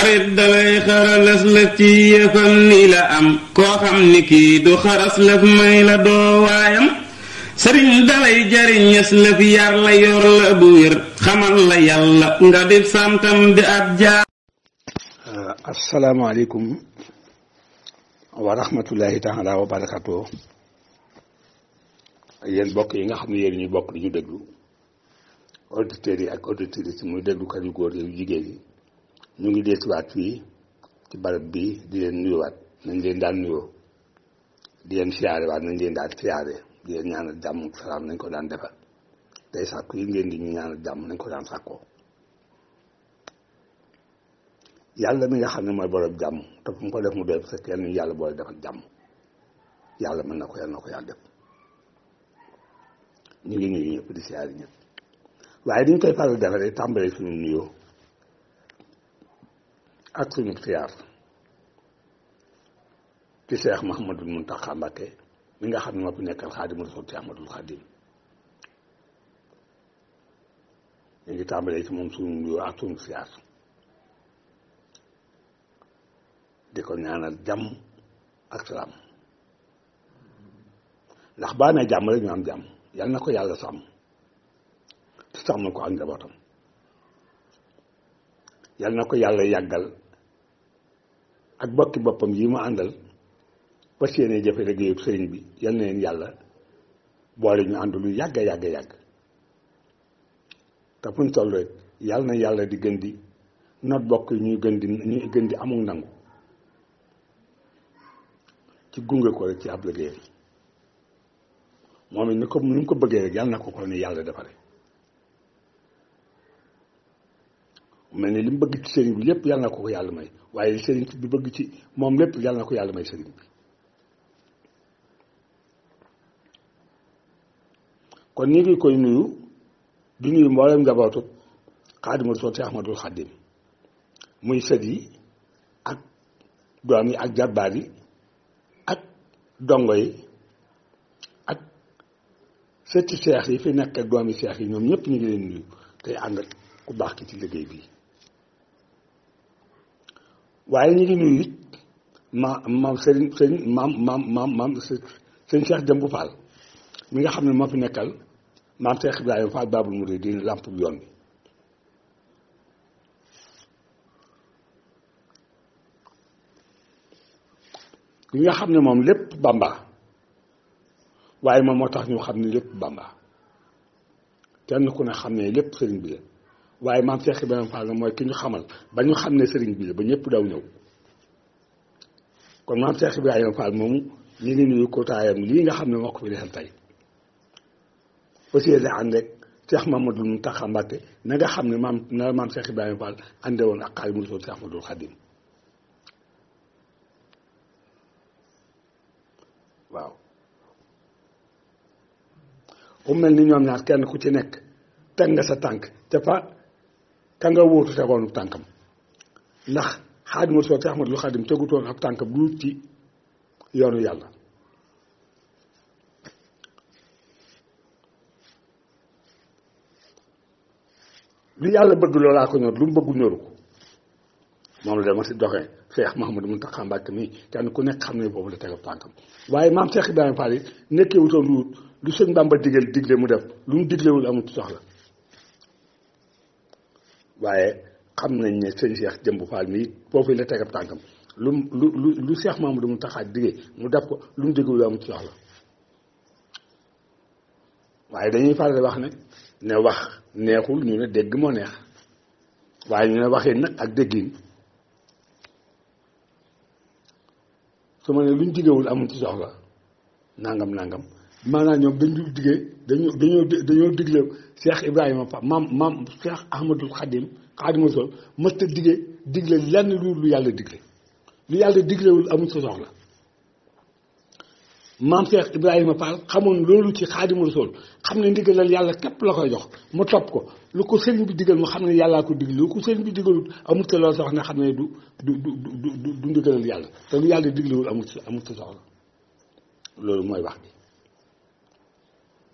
xarit dalay xaralas la ci yëfam la doo waayam sëriñ dalay jariñes laf yar la yor la euh, bokk yi nga xam ne yéen ñu bokk di ñu déglu auditeurs yi ak auditrices yi muy déglukat yu yi yu yi ñu ngi deetuwaat fii ci barab bii di leen nuyuwaat nañ leen daan nuyoo di leen siyaare waat nañ leen daan siyaare di leen ñaanal jàmm ak salaam nañ koo daan defal tey sàkku yi ngeen di ñu ñaanal jàmm nañ ko daan sàkkoo yàlla mi nga xam ne mooy borom jàmm te fu ko def mu doy parce que yàlla nañu yàlla boole defal jàmm yàlla mën na ko yàlla na ko yàlla def ñu ngi nuyu ñëpp di siyaare ñëpp waaye ni ñu koy faral di defaree tàmbalee suñu nuyoo. ak suñu siyaar ci Cheikh Mouhamadul Mountakha Mbacké mi nga xam ne moo fi nekkal Xaadimu Rasuul ci Ahmadul Xaadim ñu ngi tàmbalee ci moom suñu nuyoo ak suñu siyaar di ko ñaanal jàmm ak salaam ndax baa na jàmm rek ñu am jàmm yal na ko yàlla sàmm te sàmmal ko ak tam yal na ko yàlla yàggal ak bokki boppam yi ma àndal fas yéene jafe liggéeyub sëriñ bi yal na leen yàlla boole ñu ànd lu yàgg yàgg yàgg te fu ñu rek yal na yàlla di gën di not bokk ñuy gën di amul nangu ci gunge ko rek ci ab liggéeyam moom it ni ko nu mu ko bëggee rek yal na ko ko yàlla defare mel ni li bëgg ci sëriñ bi lépp yàlla na ko ko yàlla may waaye li bi bëgg ci moom lépp yàlla na ko yàlla may sëriñ bi kon ñu ngi koy nuyu di nuyu mboolem njabootu xaadima soo te Ahmadul Xaadim muy sët yi ak doom yi ak jarbaar yi ak dongo yi ak sëti seex yi fi nekk ak doom yi seex yi ñoom ñëpp ñu ngi leen nuyu tey ànd ku baax ki ci liggéey bi waaye ñu ngi nuyu it ma maam Serigne Serigne maam maam maam maam Serigne Cheikh Jëmbu Fall mi nga xam ne moo fi nekkal maam Cheikh Ibrahima làmp yoon bi li nga xam ne moom lépp Bamba waaye moom moo tax ñu xam ne lépp Bamba kenn ku ne xam ne lépp sëriñ bi la waaye maam Cheikh Ibrahima Fall mooy ki ñu xamal ba ñu xam ne sëriñ bi la ba ñëpp daw ñëw kon maam bi Ibrahima Fall moomu ñu ngi nuyu kootaayam lii nga xam ne moo ko fi defal tey aussi la ànd rek Cheikh Mamadou Mountakha xam ne maam na la maam ak Xaadimu Rasuul Cheikh Ahmadoul waaw bu mel ni ñoom ñaar kenn ku ci nekk teg nga sa tànk ca fa ka nga wóotu tegoon tànkam ndax xaadima soo Seex Ahmadu Xaadim tegutoon ab tànkam lu ci yoonu yàlla lu yàlla bëgg loolaa ko ñor lu mu bëggu ñoru ko moom la dama si doxee Cheikh Mouhamadou Mountakha Mbacké mii kenn ku nekk xam ne boobu la teg ab tànkam waaye maam Cheikh Ibrahima Fall yi nekkee wutoon lu lu sëñ Bamba digal digle mu def lu mu diglewul amul soxla waaye xam nañ ne sëñ Cheikh Jëmb Fall mii foofu la tegam tàngam lu lu lu lu Cheikh Mamadou mu taxaat diggee mu def ko lu mu diggul am ci soxla waaye dañuy faral wax ne ne wax neexul ñu ne dégg moo neex waaye ñu ne waxee nag ak déggin su ma ne luñ diggewul amul ci soxla nangam nangam maanaam ñoom dañu dul diggee dañoo dañoo Ibrahima Fall maam maam Cheikh Ahmadul Xadim Xaadimu Rasuul mësta diggee digle lenn lu yàlla digle lu yàlla diglewul amul sa soxla maam Cheikh Ibrahima xamoon loolu ci Xaadimu Rasuul xam ne ndigalal yàlla képp la koy jox mu topp ko lu ko sëriñ bi digal mu xam ne yàllaa ko digle lu ko sëriñ bi digalul amul sa xam ne du du du yàlla te yàlla diglewul amul sa amul soxla loolu mooy wax bi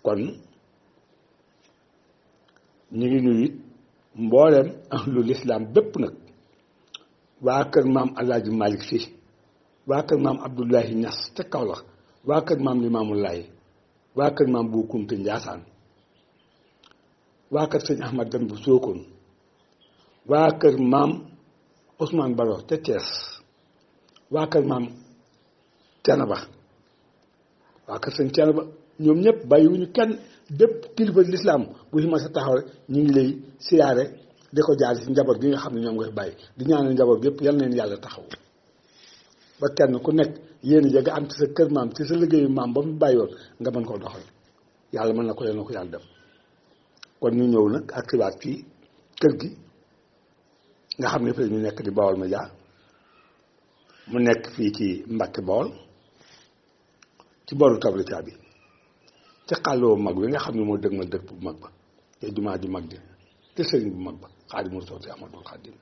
kon ñu ngi nuyu mboolem mbooleem ahlu lislaam bépp nag waa kër maam Alaaji Malick Sy waa kër maam Abdoulahi Niass ca Kaolack waa kër maam Limaamu Laay waa kër maam Bou Kounta Ndiassane waa kër sëñ Ahmad Dem bu Sokone waa kër maam Ousmane Baro ca Thiès waa kër maam Thiénaba waa kër sëñ Thiénaba ñoom ñëpp bàyyiwuñu kenn bépp kilifa lislaam bu fi ma sa taxaw rek ñu ngi lay siyaare de ko jaar si njaboot gi nga xam ne ñoom nga fi bàyyi di ñaanal njaboot yëpp yal neen yàlla taxaw ba kenn ku nekk yéen ja nga am ci sa kër maam ci sa liggéeyu maam ba mu bàyyoon nga mën koo doxal yàlla mën na ko leen ko yàlla dem kon ñu ñëw nag ak xibaar fii kër gi nga xam ne fii ñu nekk di ma Médias mu nekk fii ci Mbàkke Baol ci boru tablita bi ca xàlloo mag bi nga xam ne mooy dëgg ma dëkk bu mag ba te ma ju mag ja te sëriñ bu mag ba xaadimu rasul si Ahmadul Xaadim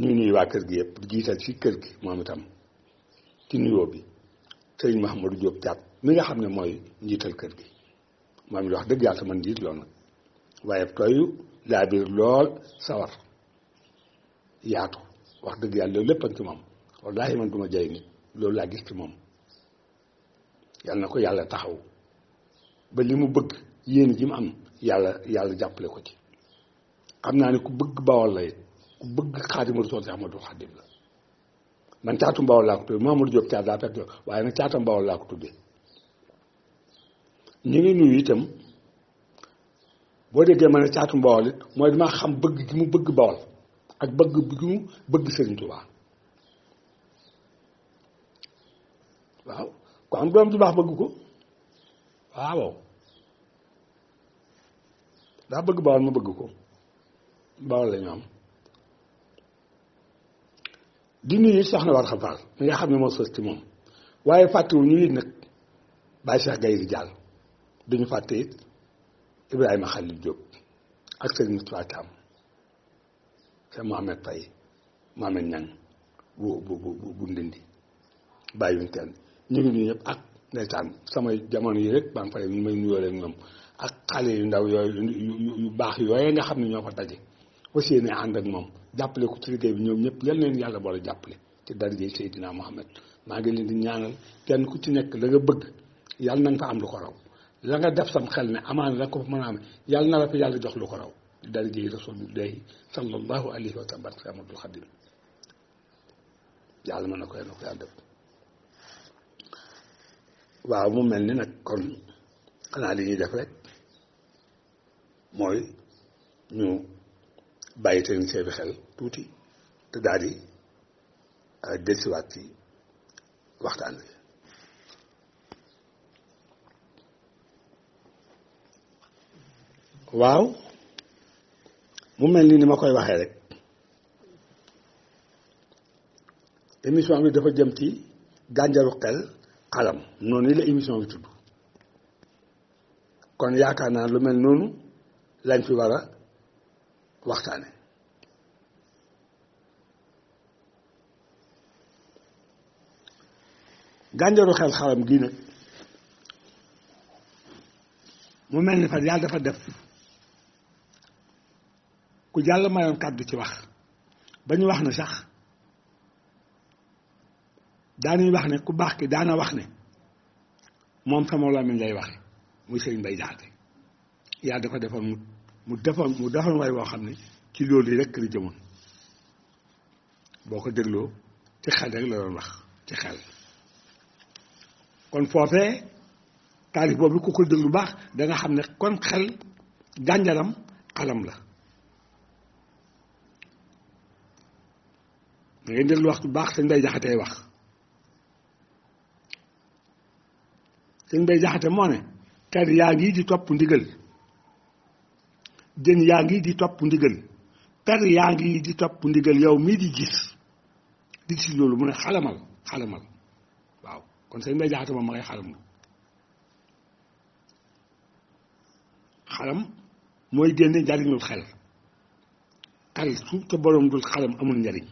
ñu nuyu waa kër gi yëpp jiital si kër gi moom itam ci nuyoo bi sëriñ Mahamadou Diop cat mi nga xam ne mooy njiital kër gi moom la dëgg yàlla sama njiit lool nag waaye tooyu laa biir lool sawar yaatu wax dëgg yàlla loolu lépp ak ci moom wallaahi man du ma jay nit loolu laa gis ci moom yal na ko yàlla taxaw ba li mu bëgg yéen ji mu am yàlla yàlla jàppale ko ci xam naa ni ku bëgg bawal la it ku bëgg xaadimu rasul si Ahmadul Xaadim la man caatu mbawal laa ko tuddee waaye nag caata mbawal laa ko tuddee ñu ngi nuyu itam boo déggee ma ne caatu mbawal it mooy damaa xam bëgg gi mu bëgg bawal ak bëgg gi mu bëgg Serigne Touba waaw ku doom ju baax bëgg ko waaw daa bëgg bawal mu bëgg ko bawal la ñu am di nuyu soxna war xam faal nga xam ne moo sos ci moom waaye fàttewu ñu it nag bàyyi Cheikh Gaye di jàll duñu fàtte it Ibrahima Khalil Diop ak Serigne Moustapha Thiam Cheikh Mohamed Faye Mohamed Niang bu bu bu bu ndindi bàyyiwuñ kenn ñu ngi nuyu ñëpp ak ndeysaan samay jamono yi rek baa ngi fay may nuyoo leen ñoom ak xale yu ndaw yooyu yu baax yooyee nga xam ne ñoo fa daje aussi ne ànd ak moom jàppale ko ci liggéey bi ñoom ñëpp yal leen yàlla boole jàppale ci darajay Seydina Mohamed maa ngi leen di ñaanal kenn ku ci nekk la nga bëgg yàlla na nga am lu ko raw la nga def sam xel ne amaana la mën a am yàlla na yàlla jox lu ko raw ci darajay rasulillahi sallallahu alayhi wa sallam Abdul Xadim yàlla mën na ko yàlla na ko yàlla waaw mu mel ni nag kon xanaa li ñuy def rek mooy ñu bàyyi technicien bi xel tuuti te daal di euh, dellusiwaat ci waxtaan bi waaw mu mel ni ni ma koy waxee rek émission bi dafa jëm ci gànjaru xel alam noonu la émission bi tudd kon yaakaar naa lu mel noonu lañ fi war a waxtaane gànjaru xel xaram gii nag mu mel ni fa yàlla dafa def ku jàll mayoon kàddu ci wax ba ñu wax na sax daanañ wax ne ku baax ki daana wax ne moom sama làmmiñ lay waxe muy sëñ Mbay Jaxate yàlla dafa ko defoon mu mu defoon mu defoon way woo xam ne ci loolu rek la jëmoon boo ko dégloo ci xel rek la doon wax ci xel kon foofee taalif boobu ku ko déglu baax da nga xam ne kon xel gànjaram xalam la da ngay wax bu baax sëñ Mbay Jaxatee wax sëñ bay jaxate moo ne kar yaa ngi di topp ndigal jën yaa ngi di topp ndigal per yaa ngi di topp ndigal yow mii di gis di gis loolu mu ne xalamal xalamal ngay xalam la xalam mooy génne njariñul xel xel su te borom dul xalam amul njariñ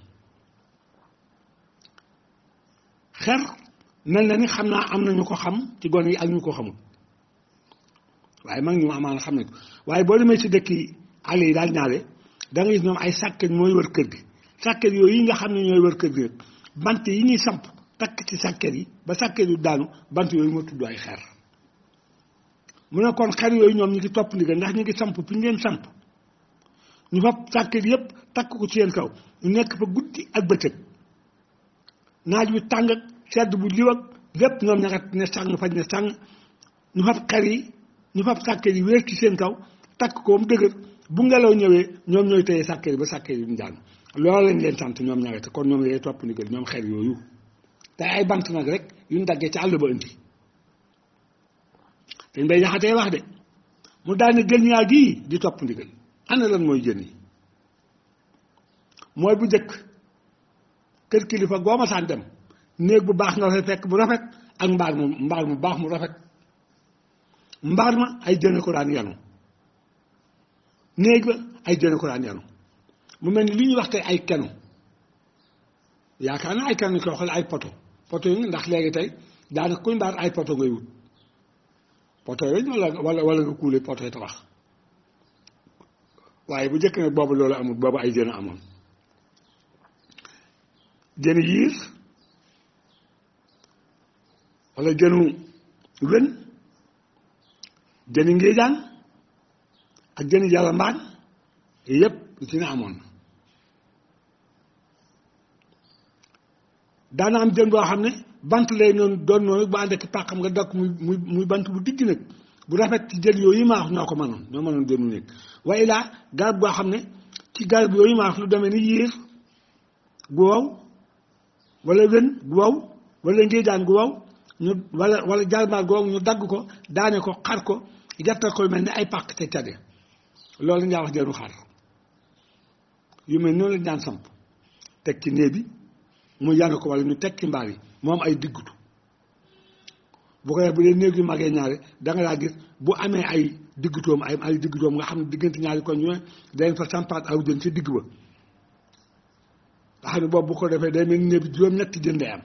xer mel na ni xam naa am na ñu ko xam ci gone yi ak ñu ko xamul waaye mag ñu amaana xam ne ko waaye boo demee ci dëkk yi àll yi daal ñaare da gis ñoom ay sàkket mooy wër kër gi sàkket yooyu yi nga xam ne ñooy wër kër gi bant yi ñuy samp takk ci sàkket yi ba sàkket yu daanu bant yooyu ma tudd ay xeer mu ne kon xeer yooyu ñoom ñu ngi topp ndigal ndax ñu ngi samp fi ñu leen samp ñu fab sàkket yëpp takk ko ci seen kaw ñu nekk fa guddi ak bëccëg naaj wi tàng sedd bu liw ak lépp ñoom ñaxat ne sàng faj ne sàng ñu fab xer yi ñu fab sàkkee yi wéer ci seen kaw takk ko mu dëgër bu ngelaw ñëwee ñoom ñooy teye sàkkee yi ba sàkkee yi ñu jàng loolu lañ leen sant ñoom ñaxat kon ñoom yooyu topp ndigal ñoom xer yooyu te ay bant nag rek yuñ daggee ci àll ba indi dañ bay jaxatee wax de mu daal ne gën yaa gii di topp ndigal ana lan mooy jën yi mooy bu njëkk kër kilifa goo ma saan dem néeg bu baax nga fay fekk bu rafet ak mbaar mu mbaar mu baax mu rafet mbaar ma ay jëne ko daan yanu néeg ba ay jëne ko daan yanu mu mel ni li ñuy wax tey ay kenu yaakaar na ay kenu ko xool ay poto poto yi ndax léegi tey daanaka kuy mbaar ay poto ngay wut poto yooyu wala wala nga kuule poto yi tabax waaye bu njëkk nag boobu loolu amul boobu ay jën amoon jën yiir wala jënu wen jëni ngéejaan ak jën yàlla mbaañ yépp lu ci ne amoon daana am jën boo xam ne bant lay noonu doon noonu bu ànd ak pàqam nga dakk muy muy muy bant bu digg nag bu rafet ci jën yooyu maax noo ko mënoon ñoo mënoon jënu nekk waaye laa garab boo xam ne ci garab yooyu maax lu demee ni yiir gu wow wala wen gu waw wala ngéejaan gu wow ñu wala wala jalbaat googu ñu dagg ko daane ko xar ko yettal ko yu mel ni ay pàq te tege loolu ngaa wax jëru xar yu mel noonu lañ daan samp teg ci néeg bi mu yàgg ko wala ñu teg ci mbaar yi moom ay diggutu bu ko defee néeg yu magee ñaare da nga gis bu amee ay diggutoom ay ay diggutoom nga xam ne diggante ñaari koñ ñu dañ fa sampaat aw jën ci digg ba nga xam ne boobu bu ko defee day mel ni néeg bi juróom-ñetti jën day am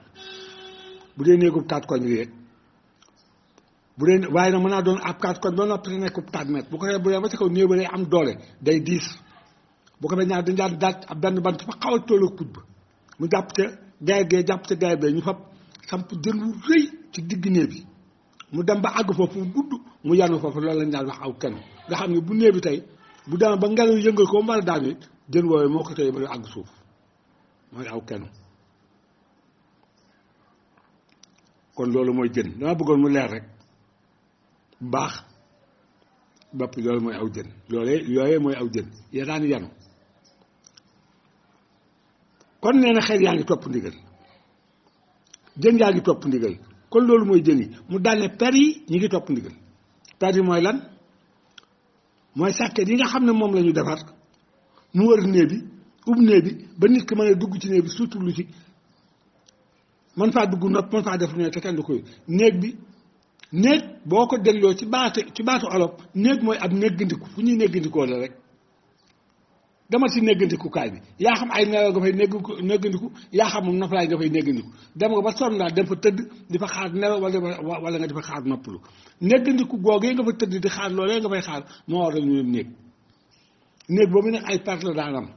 bu dee néegub taat koñ wéet bu dee waaye nag mën naa doon ab kaat koñ ba noppi te nekkub taat mètre bu ko defee dee ba ci kaw néew am doole day diis bu ko defee ñaar dañ daan daaj ab benn bant fa xaw a toolu put ba mu jàpp ca gaay gee jàpp ca gaay bee ñu fab samp jën wu rëy ci digg néeg bi mu dem ba àgg foofu mu gudd mu yanu foofu loolu lañ daan wax aw kenn nga xam ne bu néeg bi tey bu daan ba ngelaw yëngal ko mu war a daan it jën woowee moo ko tey ba àgg suuf mooy aw kenn kon loolu mooy jën dama bëggoon mu leer rek baax bopp loolu mooy aw jën loolee yooyee mooy aw jën ya daan yanu kon nee na xel yaa ngi topp ndigal jën yaa ngi topp ndigal kon loolu mooy jën yi mu dal ne per yi ñu ngi topp ndigal per yi mooy lan mooy sàkket yi nga xam ne moom la ñu defar mu wër néeg bi ub néeg bi ba nit ki mën dugg ci néeg bi suturlu ci man faa dugg nopp mën faa def lu ne te kenn koy néeg bi néeg boo ko dégloo ci baatu ci baatu olof néeg mooy ab néggandiku fu ñuy néggandikoo la rek demal si néggandikukaay bi yaa xam ay nelaw nga fay néggandiku yaa xam moom noflaay nga fay néggandiku dem nga ba dem fa tëdd di fa xaar nelaw wala wala xaar noppalu néggandiku googee nga fa tëdd di xaar loolee nga fay xaar moo waral ñu néeg boo mu nag ay part la daan am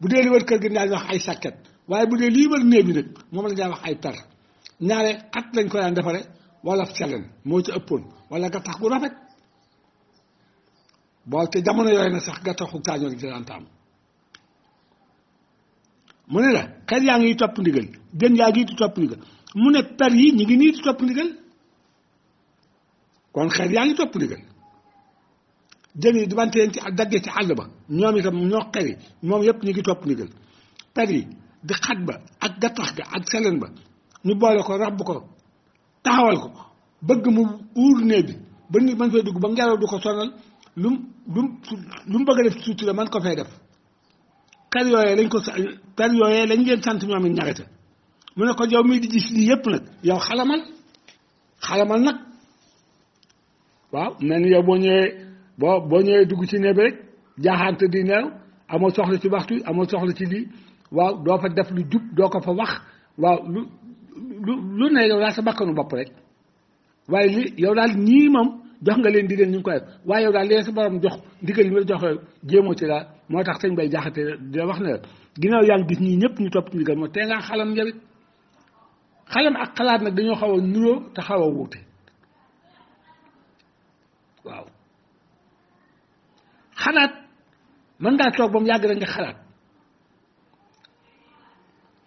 bu dee li wër kër gi daal wax ay sàkket waaye bu dee lii wër néeg bi moom la daan wax ay per ñaare at lañ ko daan defare wala selen moo ci ëppoon wala gattax gu rafet boo te jamono yooyu na sax gattaxu kaañoo gi daan taam mu ne la xel yaa ngi topp ndigal jën yaa ngi topp ndigal mu ne per yi ñu ngi nii di topp ndigal kon xel yaa ngi topp ndigal jën yi dibante leen ci dagge ci àll ba ñoom itam ñoo xel yi moom yëpp ñu ngi topp ndigal per yi di xaj ba ak gattax ga ak seleen ba ñu boole ko rabb ko taxawal ko bëgg mu uur néeg bi ba nit man fay dugg ba ngelaw du ko sonal lu mu lu mu bëgg a def sutura man ko fay def kar yooyee lañ ko kar lañ leen sant ñoom it ñaxete mu ne ko yow mii di gis lii yépp nag yow xalamal xalamal nag waaw mel ni yow boo ñëwee boo boo ñëwee dugg ci néeg bi rek jaaxaante di neew amoo soxla ci waxtu amoo soxla ci lii waaw doo fa def lu jub doo ko fa wax waaw lu lu lu ne yow daal sa bakkanu bopp rek waaye li yow daal ñii moom jox nga leen ndigal ñu ngi koy waaye yow daal leen sa borom jox ndigal yi ma jox jéemoo ci daal moo tax sañ bay jaaxate da wax ne ginnaaw yaa ngi gis ñii ñëpp ñu topp ci ndigal moo tee ngaa xalam njawit xalam ak xalaat nag dañoo xaw a nuroo te xaw a wuute waaw xalaat mën ngaa toog ba mu yàgg rek nga xalaat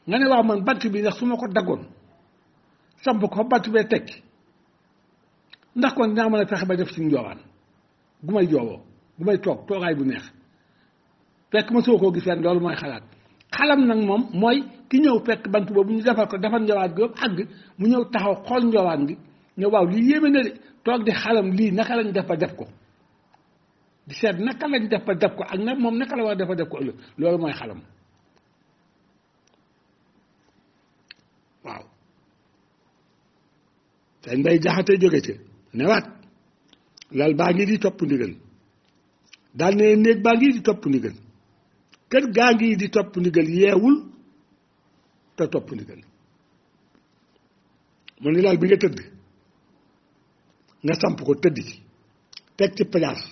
nga ne waaw man bant bi ndax su ma ko daggoon samp ko bant bee tekki ndax kon dinaa mën a fexe ba def suñu joowaan gu may joowoo gu may toog toogaay bu neex fekk ma soo koo gisee loolu mooy xalaat xalam nag moom mooy ki ñëw fekk bant boobu ñu defar ko defar njowaan gi àgg mu ñëw taxaw xool njowaan gi ne waaw lii yéeme na de toog di xalam lii naka lañ def ba def ko di seet naka lañ def ba def ko ak nag moom naka la war def ba def ko ëllëg loolu mooy xalam waaw te nday jaxate jóge ca newaat lal baa ngi di topp ndigal daal ne néeg baa ngi di topp ndigal kër gaa ngi di topp ndigal yeewul te topp ndigal mu ni lal bi nga tëdd nga samp ko tëdd ci teg ci place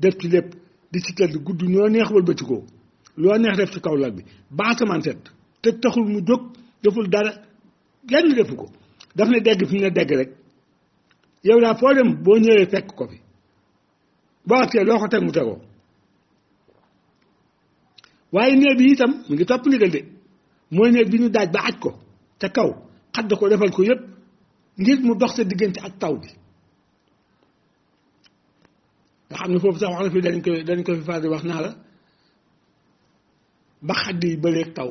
def ci lépp di ci tëdd gudd ñoo neex wëlbatikoo loo neex def ci kaw lal bi ba asamaan set te taxul mu jóg deful dara lenn defu ko daf ne dégg fi ñu degg rek yow daa foo boo ñëwee fekk ko fi boo agsee loo ko teg mu tegoo waaye néeg bi itam mu ngi topp ndigal de mooy néeg bi ñu daaj ba aj ko ca kaw xadd ko defal ko yépp ngir mu dox sa diggante ak taw bi nga xam ne foofu sax wax fi dañ koy dañ ko fi faral wax naa la ba xadd yi bëreeg taw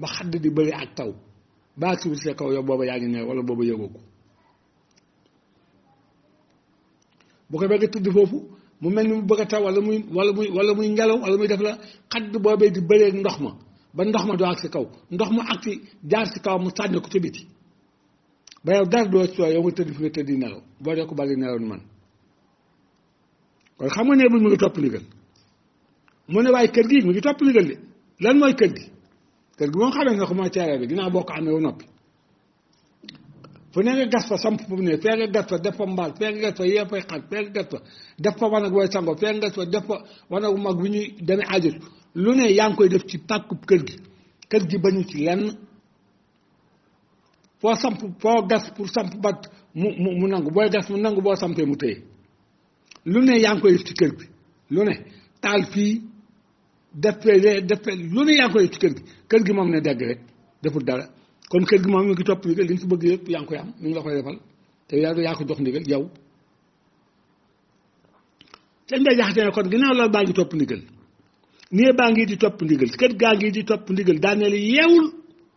ba xadd di bëri ak taw ba activité sa kaw yow booba yaa ngi ñëw wala booba yëgoo ko bu ko bëgg tëdd foofu mu mel ni mu bëgg a taw wala muy wala muy wala muy ngelaw wala muy def la xadd boobee di bëree ndox ma ba ndox ma doo ak si kaw ndox ma ak si jaar si kaw mu sànni ko ci biti ba yow dara doo sooy yow nga tëdd fi nga tëdd di nelaw boo dee ko bari nelaw ni man kon xam nga ne bu mu ngi topp ndigal mu ne waaye kër gi mu ngi topp ndigal de lan kër gi moom xamee nga ko mooy teere bi ginnaaw boo ko amee wu noppi fu ne nga gas fa samp fu ne fee nga gas fa def fa mbaal fee nga gas fa yee fay xal fee nga fa def sango fee nga gas fa def fa wanag bu mag bu ñuy demee ajut lu ne yaa ngi koy def ci pàkkub kër gi kër gi bañu ci lenn foo samp foo gas pour samp bat mu mu mu nangu booy gas mu nangu boo sampee mu téye lu ne yaa ngi koy def ci kër gi lu ne taal fii deppee deppee lu ne yaa ngi koy kër gi kër gi moom ne degg rek deful dara kon kër gi moom mi ngi topp ndigal li nga fi bëgg yëpp yaa ngi koy am mi ngi la te yaa ko jox ndigal yow seen day jaxate kon ginnaaw loolu baa ngi topp ndigal nii di topp ndigal kër gaa ngi di topp ndigal daaneel yeewul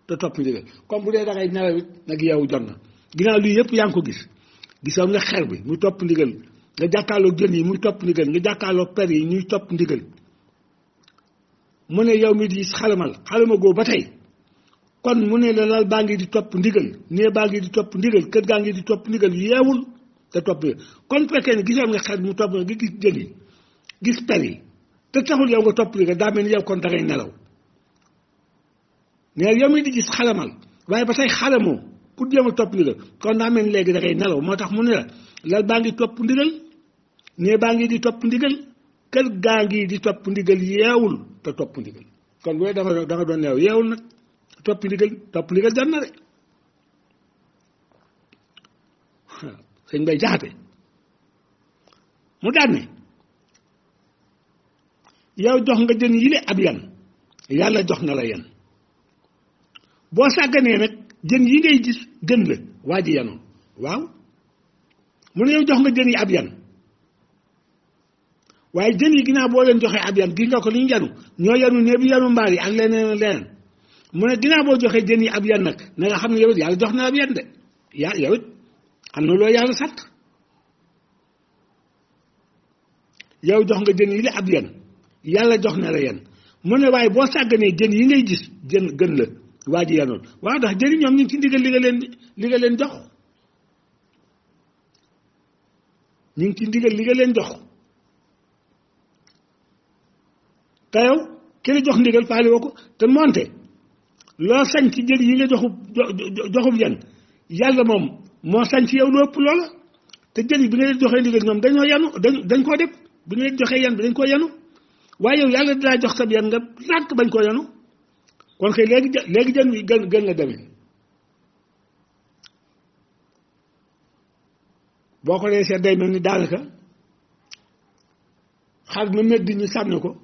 te topp ndigal comme bu dee dangay nelaw it nag yeewu jot na ginnaaw lii yëpp yaa ngi ko gis gisoon nga xer bi muy topp ndigal nga jàkkaaloo jën yi muy topp ndigal nga jàkkaaloo per yi ñuy topp ndigal mu ne yow mi diis xalamal xalama goo ba tey kon mu ne la lal baa ngi di topp ndigal nee baa ngi di topp ndigal kër gaa di topp ndigal yeewul te topp kon fekkee ne gisoon nga xel mu topp nga gis jën gis per yi te taxul yow nga topp ndigal daa mel ni yow kon dangay nelaw mais yow mi di gis xalamal waaye ba tey xalamoo pour jéem a topp ndigal kon daa mel ni léegi dangay nelaw moo tax mu ne la lal baa ngi topp ndigal nee baa ngi di topp ndigal kër gaa ngi di topp ndigal yeewul te topp ndigal kon booy doon neew yeewul nag topp ndigal topp ndigal jar na de sëñ bay jaxate mu daan ne jox nga jën yile ab yan yàlla jox na la yan boo sàgganee nag jën yi ngay gis gën la waa ji yanoon waaw mu ne yow jox nga jën yi ab yan waaye jën yi ginnaaw boo leen joxee ab yam gis nga ko li ñu yanu ñoo yanu néeg bi yanu mbaar yi ak leneen leneen mu ne ginnaaw boo joxee jën yi ab yan nag na xam ne yow yàlla jox na ab yan de yaa yow it xam na yow jox nga jën yi la ab yàlla jox na la yan mu ne waaye boo sàgganee jën yi ngay gis jën gën la waa ji yanoon waaw ndax jën yi ñoom ñu ci ndigal li nga leen li leen jox ñu ngi ci ndigal li nga leen jox te yow ki jox ndigal faale ko te moonte loo sañ ci jël yi nga joxub joxub yan yàlla moom moo sañ ci yow lu ëpp loola te jën yi bi nga leen joxee ndigal ñoom dañoo yanu dañ koo def bi nga leen joxee yan bi dañ koo yanu waaye yow yàlla dinaa jox sab yan nga lànk bañ koo yanu kon kay léegi jën wi gën gën la demee boo ko dee seet day mel ni daanaka xar na medd ñu sànni ko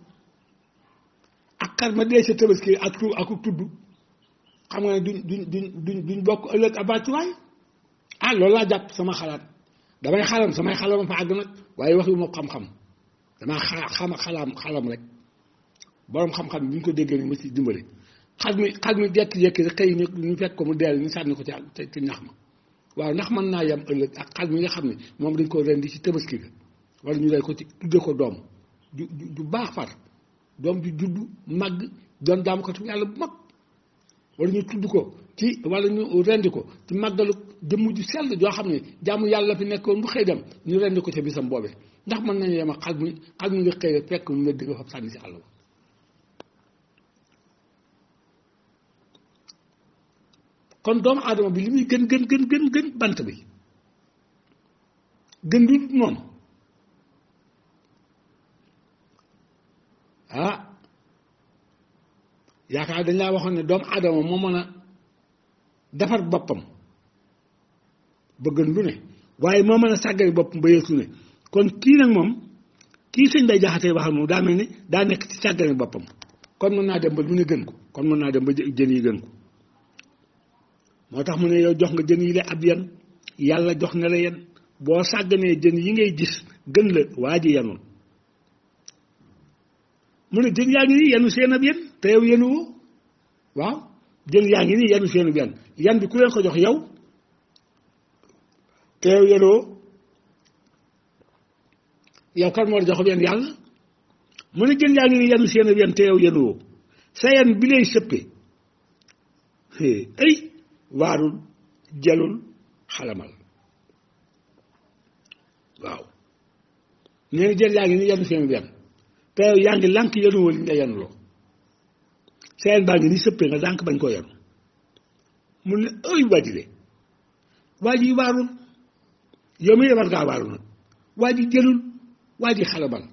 xal ma dee sa tabaski ak tu ak tudd xam nga ne duñ duñ duñ bokk ëllëg abattuwaay ah loolu laa jàpp sama xalaat damay xalam samay xalam fa àgg nag waaye wax yu ma xam-xam damaa xama xalaam xalam rek boroom xam-xam bi ñu ko déggee ni ma ci dimbale xar mi xar mi jékki-jékki rek xëy ñu fekk ko mu deel ñu sànni ko ci ci nax ma waaw ndax mën naa yam ëllëg ak xar mi nga xam ne moom dañ ko rendi ci tabaski ga wala ñu lay ko ci tudde ko doom ju ju baax far doom ju judd màgg doon jaamukatu yàlla bu mag wala ñu tudd ko ci wala ñu rendi ko ci màggalu jëmm ju sell joo xam ne jaamu yàlla fi nekkoon bu xëy dem ñu rendi ko ca bisam boobee ndax mën nañu yem ak xal mi xal mi nga xëy rek fekk mu wedd nga fab sànni si àll ba kon doomu aadama bi li muy gën gën gën gën gën bant bi gën lu moom ah yaakaar dañ laa waxoon ne doomu aadama moo mën a defar boppam bëggan lu ne waaye moo mën a sàggari boppam ba yeesu ne kon kii nag moom kii sëñ bay jaxatee waxal moom daa mel ni daa nekk ci sàggari boppam kon mën naa dem ba lu ne gën ko kon mën naa dem ba jën yi gën ko moo tax mu ne yow jox nga jën yi la ab yan yàlla jox na la yan boo sàgganee jën yi ngay gis gën la waa ji yanul mu ne jën yaa ngi nii yenu seen ab yan te yow yenu woo waaw jën yaa ngi nii yenu seen ab yan yan ku leen ko jox yow te yow yenu woo yow kan moo jox yan yàlla mun ne jën yaa ngi nii yenu seen ab yan te yow yenu woo sa yan bi lay sëppe ay waarul jalul xalamal waaw nee jën yaa ngi nii yenu seen ab yan te yow yaa ngi lànk yanuwul nga yanuloo seen baa ngi ni sëppee nga lànk bañ koo yanu mu ne ay waa ji de waa ji waarul yow mii war ngaa waaru nag waa ji jëlul waa ji xalabal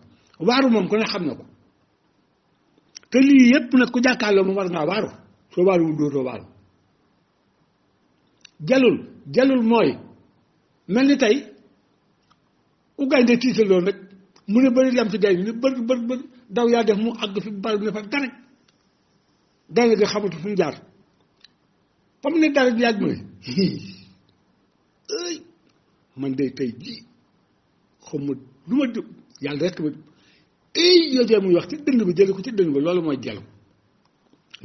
waaru moom ku ne xam na ko te soo waaruwul jalul jalul mooy mel ni tey u gaynde tiitaloon rek mu ne bëri lem ci day bi ne bëri bëri bëri daw yaa def mu àgg fi bal bi ne fa dara day nga xamatu fu mu jaar ba mu ne dara di yàgg mu ne ëy man day tey jii xaw ma lu ma jóg yàlla rek ma ëy yooyu muy wax ci dënd bi jëli ko ci dënd bi loolu mooy jelu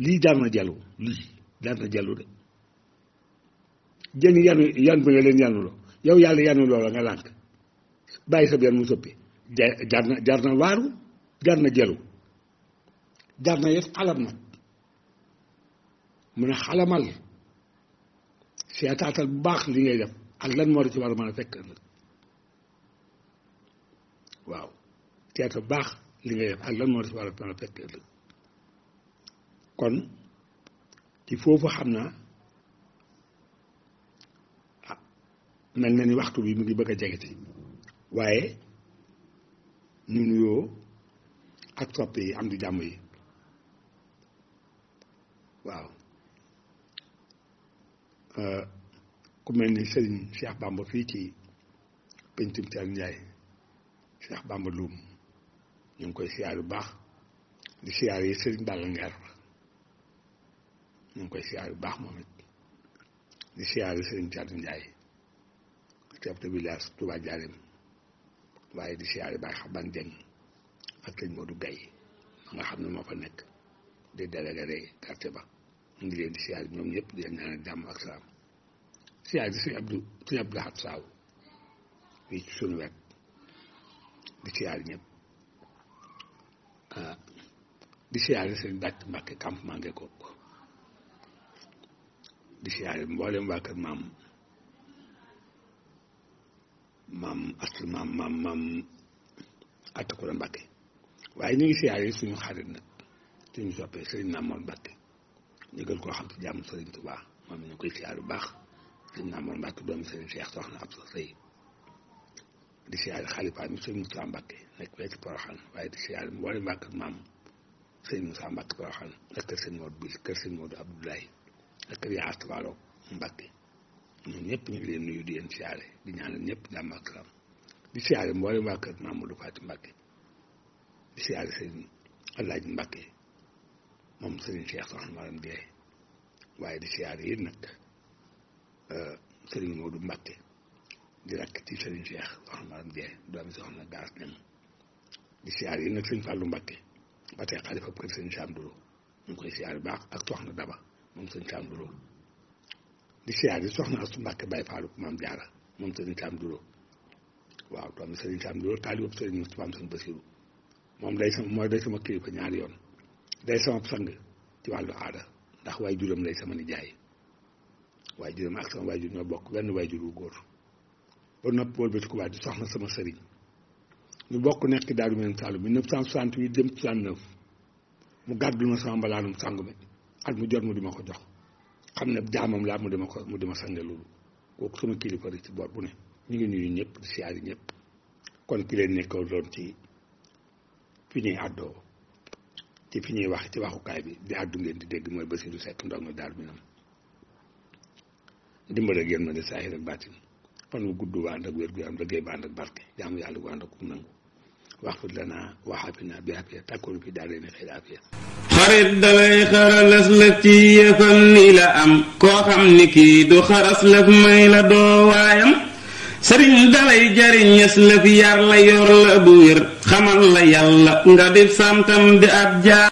lii jaar na jelu lii jaar na jelu de jën yanu yan bu ne leen yanu loo yow yàlla yanu loola nga lànk bàyyi sa benn mu soppi jar na jar na waaru jar na jëlu jar na yëf xalam nag mun a xalamal seetaatal bu baax li ngay def ak lan moo ci war a mën a waaw seetal bu baax li ngay def ak lan moo di ci war a mën a fekk ëllëg kon ci foofu xam na ah mel na ni waxtu bi mu ngi bëgg a jege ci waaye ñu nuyoo ak soppe yi am di jàmm yi waaw euh, ku mel ni Serigne Cheikh Bamba fii ci pencum ci ak Njaay Cheikh Bamba Loum ñu ngi koy siyaar baax di siyaar yi Serigne ñu ngi koy siyaar baax moom it di siyaar yi Serigne Thiatou Ndiaye chef de village Touba Diarème waaye di siyaare Baye Xaban Dieng ak sëñ Modou Guèye ma nga xam ne moo fa nekk di délégué quartier ba mu ngi leen di siyaare ñoom ñëpp di leen jàmm ak salaam siyaare di sëñ Abdou sëñ Abdou Lahat Saaw fii ci suñu wet di siyaare ñëpp ah, di siyaare waa kër maam maam aslu maam maam maam attakoura Mbàkke waaye ñu ngi siyaare suñu xarit nag suñu soppee Serigne Namor Mbàkke ñu gën koo xam si jàmm Serigne Touba moom koy siyaar bu baax Serigne Namor Mbàkke doomu Serigne Cheikh soxna ab sa sëy di siyaare xalifa mi Serigne Moussa Mbàkke nekk fee ci Poroxaan waaye di siyaare mu wari Mbàkke maam Serigne Moussa Mbàkke Poroxaan ak kër Serigne Modou Bil kër Serigne Modou Abdoulaye ak ñun ñëpp ñu ngi leen nuyu di leen siyaare di ñaanal ñëpp jàmm ak salaam di siyaare mboolem waa kër Mamadou Faty Mbacké di siyaare sëriñ Alaaji Mbacké waaye di siyaare yéen nag euh, sëriñ Modou Mbacké di rakk ci sëriñ Cheikh Soxna Maram Dieye doomi soxna Gaas Ñaŋ di siyaare yéen nag sëriñ Fallou Mbacké ba tey xalifa Duro ñu ngi koy siyaare baax ak soxna Daba moom sëriñ Sam Duro di siyaar yi soxna su Mbàkke Baay Faalu maam Jaara moom Sëriñ Sam Duró waaw doomi Sëriñ Sam Duró taalibab Sëriñ Mustafaa Sëriñ Basiru moom day sama mooy day sama kilifa ñaari yoon day sama sang ci wàllu aada ndax waay juróom lay sama nijaay waay juróom ak sama waay jur ñoo bokk benn waay jur góor ba nopp wóol bati ko waay di soxna sama sëriñ ñu bokk nekk Daaru Minam Saalum 1968 jëm 69 mu gàddul ma sama mbalaanum sangu mi at mu jot mu di ma jox xam ne jaamam laa mu dama ko mu dama sange loolu kooku sama kilifa rek ci boor bu ne ñu ngi nuyu ñëpp di siyaari ñëpp kon ki leen nekkoon doon ci fi ñuy àddoo ci fi ñuy wax ci waxukaay bi di àddu ngeen di dégg mooy Basiru Sekk ndongo daal bi nam dimbal ak yéen ma ne saahir ak baatin fan wu gudd waa ànd ak wér gu yaram liggéey ba ànd barke jaamu yàlla gu ànd ak ku nangu waxfir lanaa wa aafinaa bi aafiya takkoon fi daal leen xëy aafiya xarit dalay xarales la ci yëfal ni la am koo ni kii xaras laf may la doo waayam sëriñ dalay jariñes la yar la yor la bu wér xamal la yàlla nga def samtam di ab jaar